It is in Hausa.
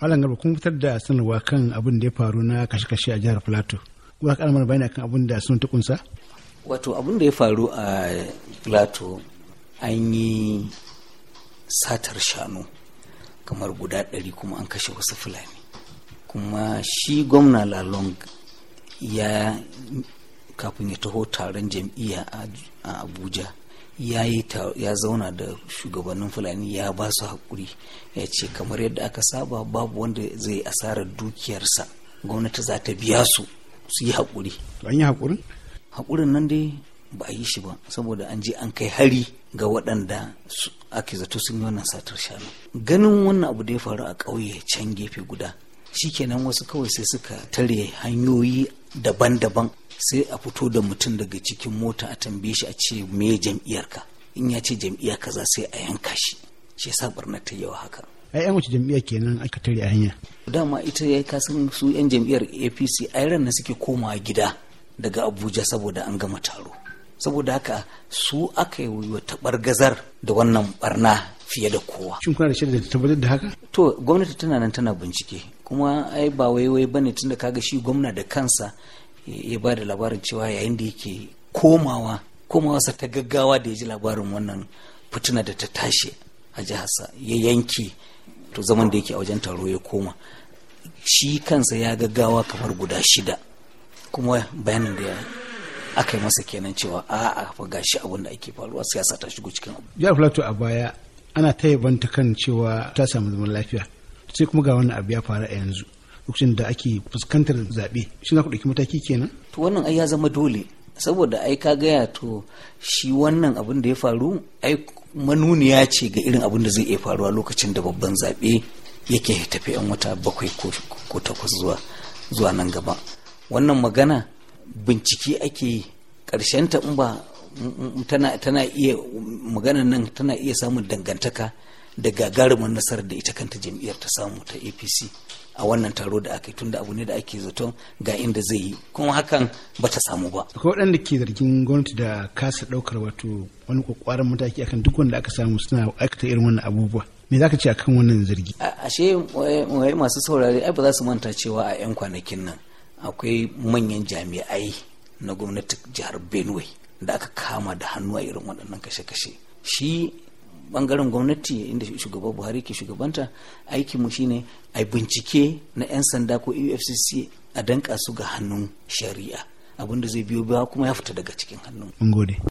Malam Garba kun fitar da sanarwa kan abin da ya faru na kashe-kashe a jihar Filato. Kuma ka mana bayani kan abin da sun ta Wato abin da ya faru a filato an yi satar shanu kamar guda ɗari kuma an kashe wasu fulani. Kuma shi gwamna Lalong ya kafin ya taho taron jam'iyya a Abuja ya yi ya zauna da shugabannin fulani ya ba su haƙuri ya ce kamar yadda aka saba babu wanda zai asara dukiyarsa gwamnati za ta biya su su yi haƙuri an yi haƙurin haƙurin nan dai ba a yi shi ba saboda an je an kai hari ga waɗanda ake zato sun yi wannan satar shanu ganin wannan abu da ya faru a ƙauye can gefe guda shi kenan wasu kawai sai suka tare hanyoyi daban-daban sai a fito da mutum daga cikin mota a tambaye shi a ce me jam'iyyarka in ya ce ka kaza sai a yanka shi shi yasa barnar ta yawa haka ai yan wace jam'iyyar kenan aka tare a hanya dama ita ya san su yan jam'iyyar APC ai ran na suke komawa gida daga Abuja saboda an gama taro saboda haka su aka yi wa tabar gazar da wannan barna fiye da kowa. Shin kuna da shaida da tabbatar da haka? To gwamnati tana nan tana bincike kuma ai ba waiwai bane tunda kaga shi gwamna da kansa ya ba da labarin cewa yayin da yake komawa komawarsa ta gaggawa da ya ji labarin wannan fituna da ta tashi a jiharsa ya yanke to zaman da yake a wajen taro ya koma shi kansa ya gaggawa kamar guda shida kuma bayanin da aka yi masa kenan cewa a'a fa gashi abin da ake faruwa siyasa ta shigo cikin abu jihar plateau a baya ana ta yabanta kan cewa ta samu zaman lafiya sai kuma ga wani abu ya faru a yanzu lokacin da ake fuskantar zaɓe shi za ku ɗauki mataki kenan to wannan ai ya zama dole saboda ai ka gaya to shi wannan abin da ya faru ai manuniya ce ga irin abin da zai iya faruwa lokacin da babban zaɓe yake tafi yan wata bakwai ko takwas zuwa zuwa nan gaba wannan magana bincike ake yi ƙarshen ta in ba tana tana iya maganar nan tana iya samun dangantaka da gagarumin nasarar da ita kanta jam'iyyar ta samu ta apc a wannan taro da aka yi tunda abu ne da ake zaton ga inda zai yi kuma hakan ba ta samu ba. Akwai waɗanda ke zargin gwamnati da kasa ɗaukar wato wani kwakwaran mataki akan duk wanda aka samu suna aikata irin wannan abubuwa. Me za ka ce akan wannan zargi? Ashe masu saurare ai ba za su manta cewa a 'yan kwanakin nan akwai manyan jami'ai na gwamnati jihar Benue da aka kama da hannu a irin waɗannan kashe-kashe. Shi bangaren gwamnati inda shugaba buhari ke shugabanta aikinmu shine a bincike na 'yan sanda ko efcc a danka su ga hannun shari'a abinda zai biyo biya kuma ya fita daga cikin hannun.